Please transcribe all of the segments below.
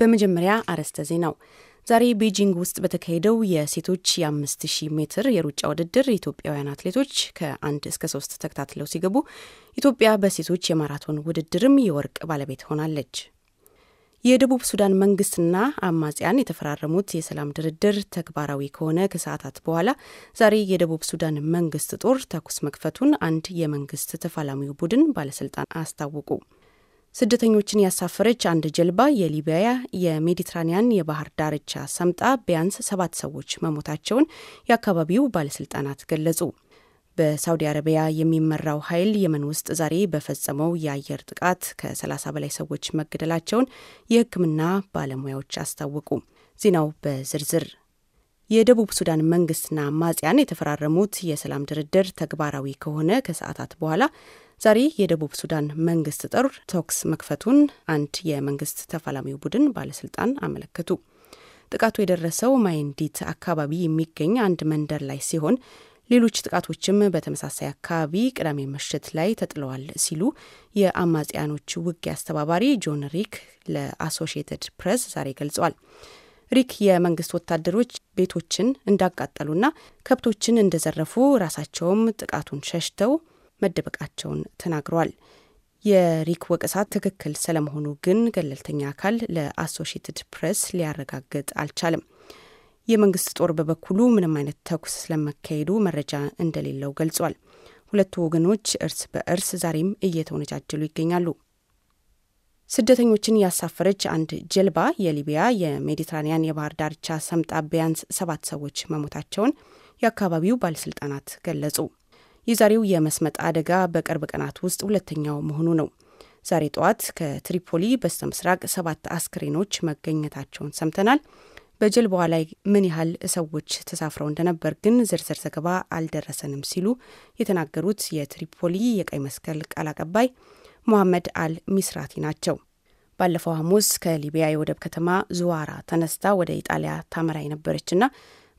በመጀመሪያ አርዕስተ ዜናው ዛሬ ቤጂንግ ውስጥ በተካሄደው የሴቶች የ5000 ሜትር የሩጫ ውድድር ኢትዮጵያውያን አትሌቶች ከአንድ እስከ ሶስት ተከታትለው ሲገቡ ኢትዮጵያ በሴቶች የማራቶን ውድድርም የወርቅ ባለቤት ሆናለች። የደቡብ ሱዳን መንግስትና አማጽያን የተፈራረሙት የሰላም ድርድር ተግባራዊ ከሆነ ከሰዓታት በኋላ ዛሬ የደቡብ ሱዳን መንግስት ጦር ተኩስ መክፈቱን አንድ የመንግስት ተፋላሚው ቡድን ባለስልጣን አስታወቁ። ስደተኞችን ያሳፈረች አንድ ጀልባ የሊቢያ የሜዲትራኒያን የባህር ዳርቻ ሰምጣ ቢያንስ ሰባት ሰዎች መሞታቸውን የአካባቢው ባለስልጣናት ገለጹ። በሳውዲ አረቢያ የሚመራው ኃይል የመን ውስጥ ዛሬ በፈጸመው የአየር ጥቃት ከ30 በላይ ሰዎች መገደላቸውን የሕክምና ባለሙያዎች አስታወቁ። ዜናው በዝርዝር የደቡብ ሱዳን መንግስትና አማጽያን የተፈራረሙት የሰላም ድርድር ተግባራዊ ከሆነ ከሰዓታት በኋላ ዛሬ የደቡብ ሱዳን መንግስት ጦር ተኩስ መክፈቱን አንድ የመንግስት ተፋላሚው ቡድን ባለስልጣን አመለከቱ። ጥቃቱ የደረሰው ማይንዲት አካባቢ የሚገኝ አንድ መንደር ላይ ሲሆን ሌሎች ጥቃቶችም በተመሳሳይ አካባቢ ቅዳሜ ምሽት ላይ ተጥለዋል ሲሉ የአማጽያኖች ውጊያ አስተባባሪ ጆን ሪክ ለአሶሺየትድ ፕሬስ ዛሬ ገልጸዋል። ሪክ የመንግስት ወታደሮች ቤቶችን እንዳቃጠሉና ከብቶችን እንደዘረፉ ራሳቸውም ጥቃቱን ሸሽተው መደበቃቸውን ተናግረዋል። የሪክ ወቀሳ ትክክል ስለመሆኑ ግን ገለልተኛ አካል ለአሶሽትድ ፕሬስ ሊያረጋግጥ አልቻለም። የመንግስት ጦር በበኩሉ ምንም አይነት ተኩስ ስለመካሄዱ መረጃ እንደሌለው ገልጿል። ሁለቱ ወገኖች እርስ በእርስ ዛሬም እየተወነጃጀሉ ይገኛሉ። ስደተኞችን ያሳፈረች አንድ ጀልባ የሊቢያ የሜዲትራኒያን የባህር ዳርቻ ሰምጣ ቢያንስ ሰባት ሰዎች መሞታቸውን የአካባቢው ባለስልጣናት ገለጹ። የዛሬው የመስመጥ አደጋ በቅርብ ቀናት ውስጥ ሁለተኛው መሆኑ ነው። ዛሬ ጠዋት ከትሪፖሊ በስተ ምስራቅ ሰባት አስክሬኖች መገኘታቸውን ሰምተናል። በጀልባዋ ላይ ምን ያህል ሰዎች ተሳፍረው እንደነበር ግን ዝርዝር ዘገባ አልደረሰንም ሲሉ የተናገሩት የትሪፖሊ የቀይ መስቀል ቃል አቀባይ ሞሐመድ አል ሚስራቲ ናቸው። ባለፈው ሐሙስ ከሊቢያ የወደብ ከተማ ዙዋራ ተነስታ ወደ ኢጣሊያ ታመራ የነበረችና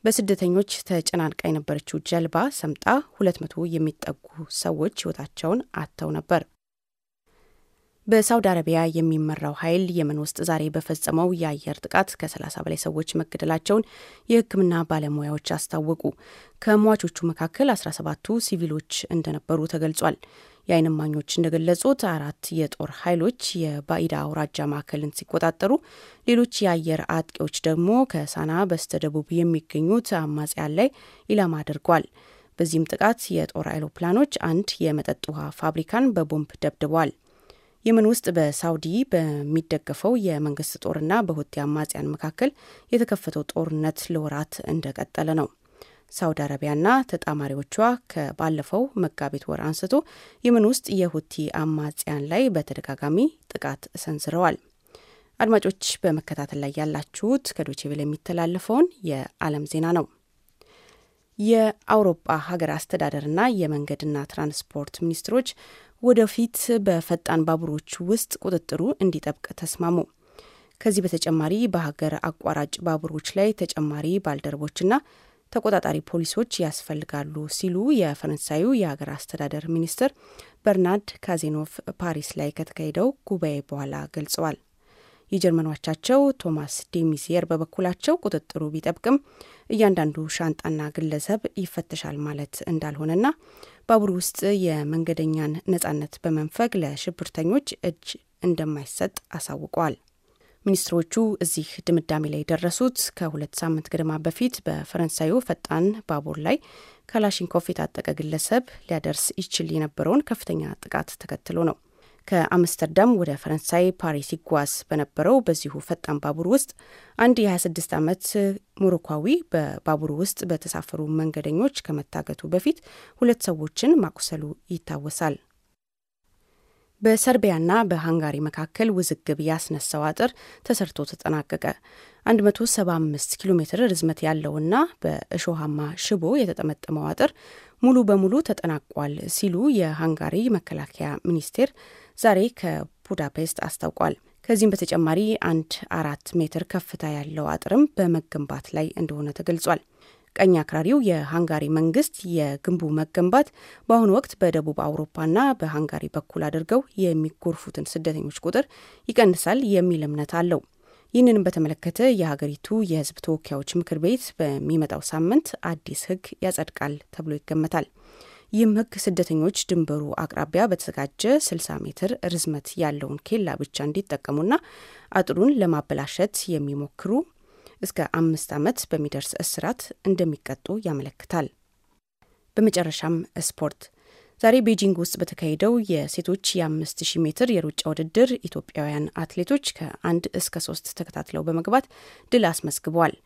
በስደተኞች ተጨናንቃ የነበረችው ጀልባ ሰምጣ ሁለት መቶ የሚጠጉ ሰዎች ህይወታቸውን አጥተው ነበር። በሳውዲ አረቢያ የሚመራው ኃይል የመን ውስጥ ዛሬ በፈጸመው የአየር ጥቃት ከ30 በላይ ሰዎች መገደላቸውን የሕክምና ባለሙያዎች አስታወቁ። ከሟቾቹ መካከል 17ቱ ሲቪሎች እንደነበሩ ተገልጿል። የዓይን እማኞች እንደገለጹት አራት የጦር ኃይሎች የባኢዳ አውራጃ ማዕከልን ሲቆጣጠሩ፣ ሌሎች የአየር አጥቂዎች ደግሞ ከሳና በስተደቡብ የሚገኙት አማጽያን ላይ ኢላማ አድርጓል። በዚህም ጥቃት የጦር አውሮፕላኖች አንድ የመጠጥ ውሃ ፋብሪካን በቦምብ ደብድበዋል። የመን ውስጥ በሳውዲ በሚደገፈው የመንግስት ጦርና በሁቲ አማጽያን መካከል የተከፈተው ጦርነት ለወራት እንደቀጠለ ነው። ሳውዲ አረቢያና ተጣማሪዎቿ ከባለፈው መጋቢት ወር አንስቶ የመን ውስጥ የሁቲ አማጽያን ላይ በተደጋጋሚ ጥቃት ሰንዝረዋል። አድማጮች በመከታተል ላይ ያላችሁት ከዶቼ ቬለ የሚተላለፈውን የዓለም ዜና ነው። የአውሮፓ ሀገር አስተዳደርና የመንገድና ትራንስፖርት ሚኒስትሮች ወደፊት በፈጣን ባቡሮች ውስጥ ቁጥጥሩ እንዲጠብቅ ተስማሙ። ከዚህ በተጨማሪ በሀገር አቋራጭ ባቡሮች ላይ ተጨማሪ ባልደረቦችና ተቆጣጣሪ ፖሊሶች ያስፈልጋሉ ሲሉ የፈረንሳዩ የሀገር አስተዳደር ሚኒስትር በርናርድ ካዜኖቭ ፓሪስ ላይ ከተካሄደው ጉባኤ በኋላ ገልጸዋል። የጀርመን ቶማስ ዴሚሲየር በበኩላቸው ቁጥጥሩ ቢጠብቅም እያንዳንዱ ሻንጣና ግለሰብ ይፈተሻል ማለት እንዳልሆነና ባቡር ውስጥ የመንገደኛን ነጻነት በመንፈግ ለሽብርተኞች እጅ እንደማይሰጥ አሳውቋል። ሚኒስትሮቹ እዚህ ድምዳሜ ላይ የደረሱት ከሁለት ሳምንት ገደማ በፊት በፈረንሳዩ ፈጣን ባቡር ላይ ከላሽንኮቭ የታጠቀ ግለሰብ ሊያደርስ ይችል የነበረውን ከፍተኛ ጥቃት ተከትሎ ነው። ከአምስተርዳም ወደ ፈረንሳይ ፓሪስ ሲጓዝ በነበረው በዚሁ ፈጣን ባቡር ውስጥ አንድ የ26 ዓመት ሞሮኳዊ በባቡር ውስጥ በተሳፈሩ መንገደኞች ከመታገቱ በፊት ሁለት ሰዎችን ማቁሰሉ ይታወሳል። በሰርቢያና በሃንጋሪ መካከል ውዝግብ ያስነሳው አጥር ተሰርቶ ተጠናቀቀ። 175 ኪሎ ሜትር ርዝመት ያለውና በእሾሃማ ሽቦ የተጠመጠመው አጥር ሙሉ በሙሉ ተጠናቋል ሲሉ የሃንጋሪ መከላከያ ሚኒስቴር ዛሬ ከቡዳፔስት አስታውቋል። ከዚህም በተጨማሪ አንድ አራት ሜትር ከፍታ ያለው አጥርም በመገንባት ላይ እንደሆነ ተገልጿል። ቀኝ አክራሪው የሃንጋሪ መንግስት የግንቡ መገንባት በአሁኑ ወቅት በደቡብ አውሮፓና በሃንጋሪ በኩል አድርገው የሚጎርፉትን ስደተኞች ቁጥር ይቀንሳል የሚል እምነት አለው። ይህንንም በተመለከተ የሀገሪቱ የሕዝብ ተወካዮች ምክር ቤት በሚመጣው ሳምንት አዲስ ሕግ ያጸድቃል ተብሎ ይገመታል። ይህም ህግ ስደተኞች ድንበሩ አቅራቢያ በተዘጋጀ 60 ሜትር ርዝመት ያለውን ኬላ ብቻ እንዲጠቀሙና አጥሩን ለማበላሸት የሚሞክሩ እስከ አምስት ዓመት በሚደርስ እስራት እንደሚቀጡ ያመለክታል። በመጨረሻም ስፖርት። ዛሬ ቤጂንግ ውስጥ በተካሄደው የሴቶች የ5000 ሜትር የሩጫ ውድድር ኢትዮጵያውያን አትሌቶች ከአንድ እስከ ሶስት ተከታትለው በመግባት ድል አስመዝግበዋል።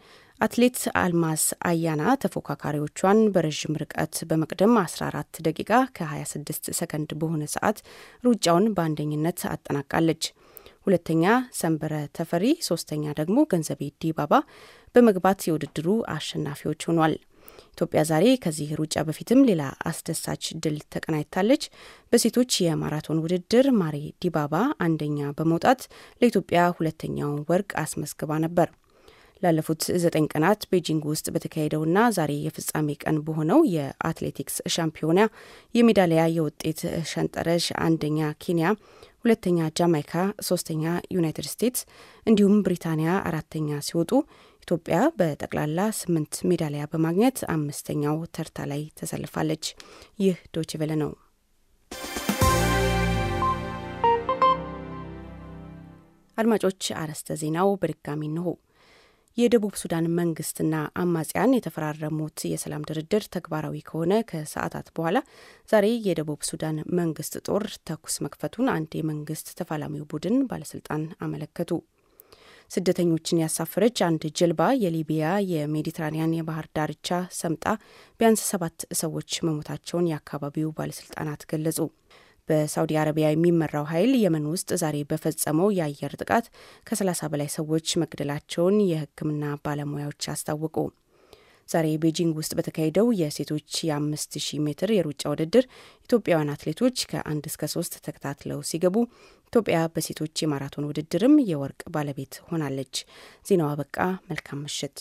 አትሌት አልማዝ አያና ተፎካካሪዎቿን በረዥም ርቀት በመቅደም 14 ደቂቃ ከ26 ሰከንድ በሆነ ሰዓት ሩጫውን በአንደኝነት አጠናቃለች። ሁለተኛ ሰንበረ ተፈሪ፣ ሶስተኛ ደግሞ ገንዘቤ ዲባባ በመግባት የውድድሩ አሸናፊዎች ሆኗል። ኢትዮጵያ ዛሬ ከዚህ ሩጫ በፊትም ሌላ አስደሳች ድል ተቀናይታለች። በሴቶች የማራቶን ውድድር ማሬ ዲባባ አንደኛ በመውጣት ለኢትዮጵያ ሁለተኛውን ወርቅ አስመዝግባ ነበር። ላለፉት ዘጠኝ ቀናት ቤጂንግ ውስጥ በተካሄደውና ዛሬ የፍጻሜ ቀን በሆነው የአትሌቲክስ ሻምፒዮና የሜዳሊያ የውጤት ሸንጠረዥ አንደኛ ኬንያ፣ ሁለተኛ ጃማይካ፣ ሶስተኛ ዩናይትድ ስቴትስ እንዲሁም ብሪታንያ አራተኛ ሲወጡ ኢትዮጵያ በጠቅላላ ስምንት ሜዳሊያ በማግኘት አምስተኛው ተርታ ላይ ተሰልፋለች። ይህ ዶችቬለ ነው። አድማጮች፣ አርዕስተ ዜናው በድጋሚ እንሆ የደቡብ ሱዳን መንግስትና አማጽያን የተፈራረሙት የሰላም ድርድር ተግባራዊ ከሆነ ከሰዓታት በኋላ ዛሬ የደቡብ ሱዳን መንግስት ጦር ተኩስ መክፈቱን አንድ የመንግስት ተፋላሚው ቡድን ባለስልጣን አመለከቱ። ስደተኞችን ያሳፈረች አንድ ጀልባ የሊቢያ የሜዲትራኒያን የባህር ዳርቻ ሰምጣ ቢያንስ ሰባት ሰዎች መሞታቸውን የአካባቢው ባለስልጣናት ገለጹ። በሳውዲ አረቢያ የሚመራው ኃይል የመን ውስጥ ዛሬ በፈጸመው የአየር ጥቃት ከ30 በላይ ሰዎች መግደላቸውን የሕክምና ባለሙያዎች አስታወቁ። ዛሬ ቤጂንግ ውስጥ በተካሄደው የሴቶች የ5000 ሜትር የሩጫ ውድድር ኢትዮጵያውያን አትሌቶች ከአንድ እስከ ሶስት ተከታትለው ሲገቡ ኢትዮጵያ በሴቶች የማራቶን ውድድርም የወርቅ ባለቤት ሆናለች። ዜናው አበቃ። መልካም ምሽት።